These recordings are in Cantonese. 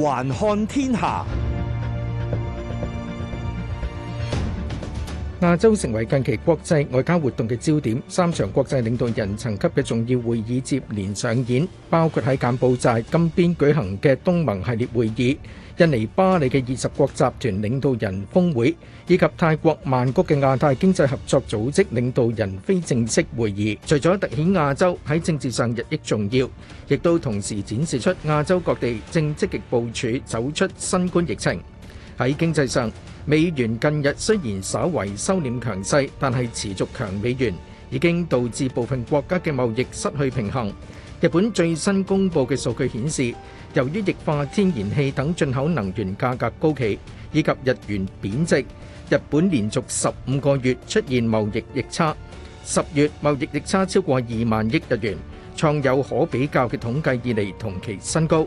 環看天下。亞洲成為近期國際外交活動嘅焦點，三場國際領導人層級嘅重要會議接連上演，包括喺柬埔寨金邊舉行嘅東盟系列會議、印尼巴里嘅二十國集團領導人峰會，以及泰國曼谷嘅亞太經濟合作組織領導人非正式會議。除咗突顯亞洲喺政治上日益重要，亦都同時展示出亞洲各地正積極部署走出新冠疫情。喺經濟上，美元近日雖然稍微收斂強勢，但係持續強美元已經導致部分國家嘅貿易失去平衡。日本最新公布嘅數據顯示，由於液化天然氣等進口能源價格高企，以及日元貶值，日本連續十五個月出現貿易逆差。十月貿易逆差超過二萬億日元，創有可比較嘅統計以嚟同期新高。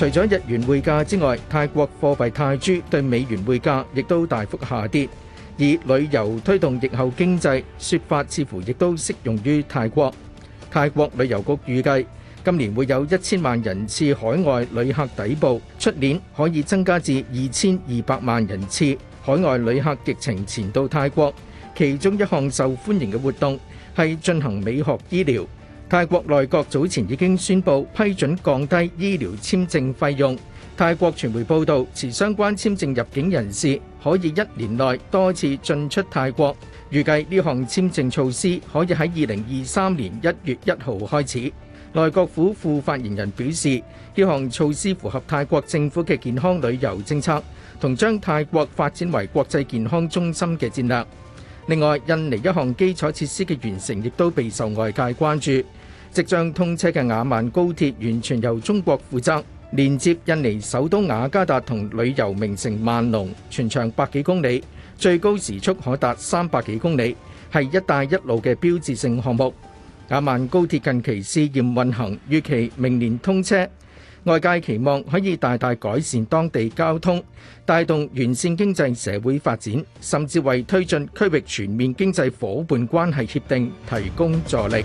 除咗日元匯價之外，泰國貨幣泰銖對美元匯價亦都大幅下跌。而旅遊推動疫後經濟，説法似乎亦都適用於泰國。泰國旅遊局預計，今年會有一千萬人次海外旅客抵埗，出年可以增加至二千二百萬人次海外旅客，疫情前到泰國。其中一項受歡迎嘅活動係進行美學醫療。泰國內閣早前已經宣布批准降低醫療簽證費用，泰國傳媒報道，持相關簽證入境人士可以一年內多次進出泰國，預計呢項簽證措施可以喺2023年1月1號開始。內閣府副發言人表示，呢項措施符合泰國政府嘅健康旅遊政策同將泰國發展為國際健康中心嘅戰略。另外，印尼一項基礎設施嘅完成亦都備受外界關注。即將通車嘅雅萬高鐵完全由中國負責，連接印尼首都雅加達同旅遊名城萬隆，全長百幾公里，最高時速可達三百幾公里，係“一帶一路”嘅標誌性項目。雅萬高鐵近期試驗運行，預期明年通車。外界期望可以大大改善當地交通，帶動沿綫經濟社會發展，甚至為推進區域全面經濟夥伴關係協定提供助力。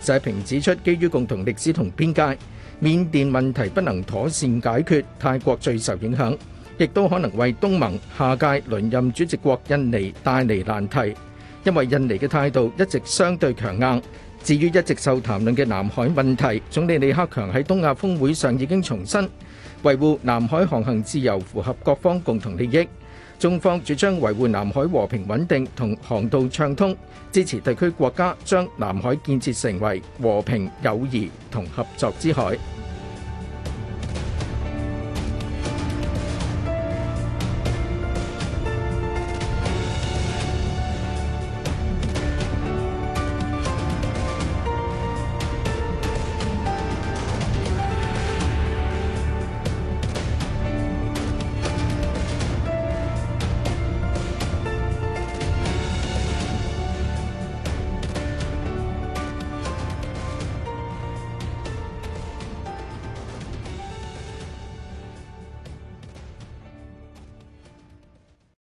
社評指出，基於共同歷史同邊界，緬甸問題不能妥善解決，泰國最受影響，亦都可能為東盟下屆輪任主席國印尼帶嚟難題，因為印尼嘅態度一直相對強硬。至於一直受談論嘅南海問題，總理李克強喺東亞峰會上已經重申，維護南海航行自由符合各方共同利益。中方主張維護南海和平穩定同航道暢通，支持地區國家將南海建設成為和平友誼同合作之海。